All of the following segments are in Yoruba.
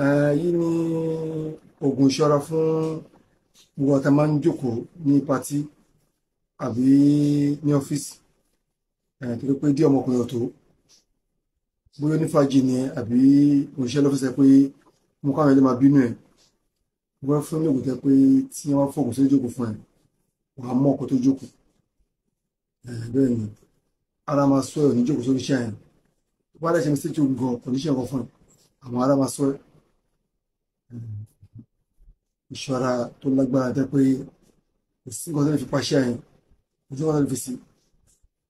Eh, yìí ní oògùn ìṣọ́ra fún gbogbo àtà máa ń jókòó ní patí àbí ní ọ́fíìsì eh, torí pé díẹ̀ ọmọkùnrin ọ̀tọ̀ bóyá onífàájì ni àbí òṣìṣẹ́ lọ́fíìsì pé mo káwọn ẹlẹ́màá bínú ẹ̀ wọ́n fún ní ògùn tẹ́ pé tí wọ́n fọ̀gùn sí ìjókòó fún ẹ̀ wà á mọ́ ọkọ̀ tó jókòó eh, bẹ́ẹ̀ ni ara máa sọ ẹ̀ níjókòó sórí iṣẹ́ ẹ̀ wọ́n á dẹ̀ mi sí ìjókòó gan kò ní ṣe nǹkan fún ẹ̀ àwọn ara máa sọ ẹ̀ ìṣọ́ra tó lágbára jẹ́ pé kò sí nǹkan tó lè fi paṣẹ àyàn kò sí nǹkan tó lè fi sí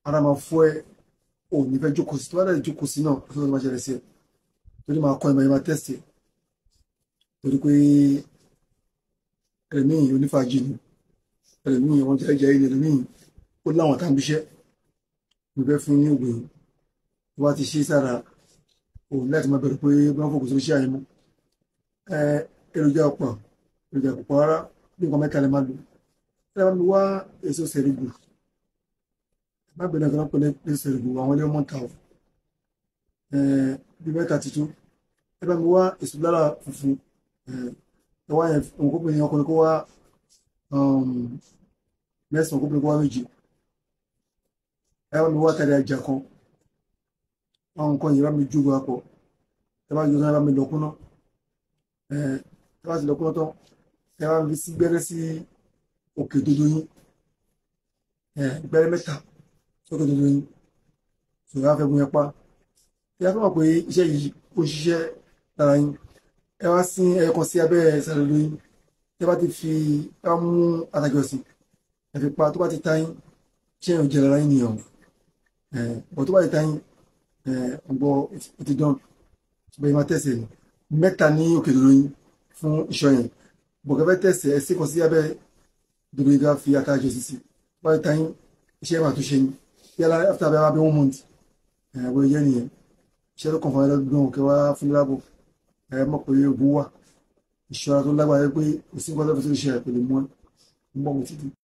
ara máa fọ́ ẹ ò ní fẹ́ jókòó sí tó bá dẹ̀ jókòó sí náà kò sí nǹkan tó máa ṣẹlẹ̀ sí ẹ torí máa kọ́ ẹ máa yẹ máa tẹ́sì torí pé ẹlẹ́mìí onífàájì ni ẹlẹ́mìí wọn jẹ́ jẹ́ ilé ẹlẹ́mìí ó láwọn tá bíṣẹ́ mo fẹ́ fún ní ògbìn tó bá ti ṣe sára òun láti máa bẹ̀rù pé bá fòkùn sí iṣẹ́ àyẹ̀mọ́ èròjà ọ̀pọ̀ kò jẹ kópa rárá bí nǹkan mẹ́ta lè máa lò tí a bá mi wá èso sẹ̀rìgbò má gbẹ̀dẹ̀ kan pẹ̀lẹ́ èso sẹ̀rìgbò àwọn ilé ọmọ ta o bí mẹ́ta ti tó ẹ bá mi wá èso lára funfun ẹ wá yẹn òun kó pè ní ọkùnrin kó wá um, mẹ́sàn-án kó pè ní kó wá méje ẹ bá mi wá tẹ̀lé ajá kan àwọn nǹkan yìí bá mi júgo apọ̀ ẹ bá yọ sọ́nà ẹ bá mi lọ kúná ẹ bá ti lọ kúná tán ẹ máa ń fi sí gbẹ́rẹ́ sí òkè dodo yín gbẹ́rẹ́ mẹ́ta sókè dodo yín sòrò afẹ́gun yẹn pa ẹ fẹ́ mọ̀ pé iṣẹ́ yìí ó ṣiṣẹ́ lára yín ẹ wá sí ẹ̀kan sí abẹ́ ìsàlẹ̀ yín ẹ bá ti fi ẹ mú àtàjọsìn ẹ fi pa tó bá ti ta yín ṣé ẹ jẹ lára yín nìyẹn o ọ̀ tó bá ti ta yín ọgbọ́ ti dán ṣùgbọ́n ẹ máa tẹ̀sẹ̀ mẹ́ta ní òkè dodo yín fún ìṣọ́ yẹn bọ̀gẹ́fẹ́ tẹ̀sẹ̀ ẹ sí kan sí abẹ́ dominica fi ata jẹ sisi by the iṣẹ́ máa tún ṣe ni yálà after abẹ́ abẹ́ one month ẹ̀ wọ́n yẹ nìyẹn iṣẹ́ ló kàn fún ẹlẹ́dùn kẹ́ wá fún lábọ̀ ẹ mọ̀ pé ogun wà ìṣọ́ra tó lágbára pé kò sí nǹkan tó fi ṣe àpèlè mọ́ ń bọ̀ wọ́n ti dùn.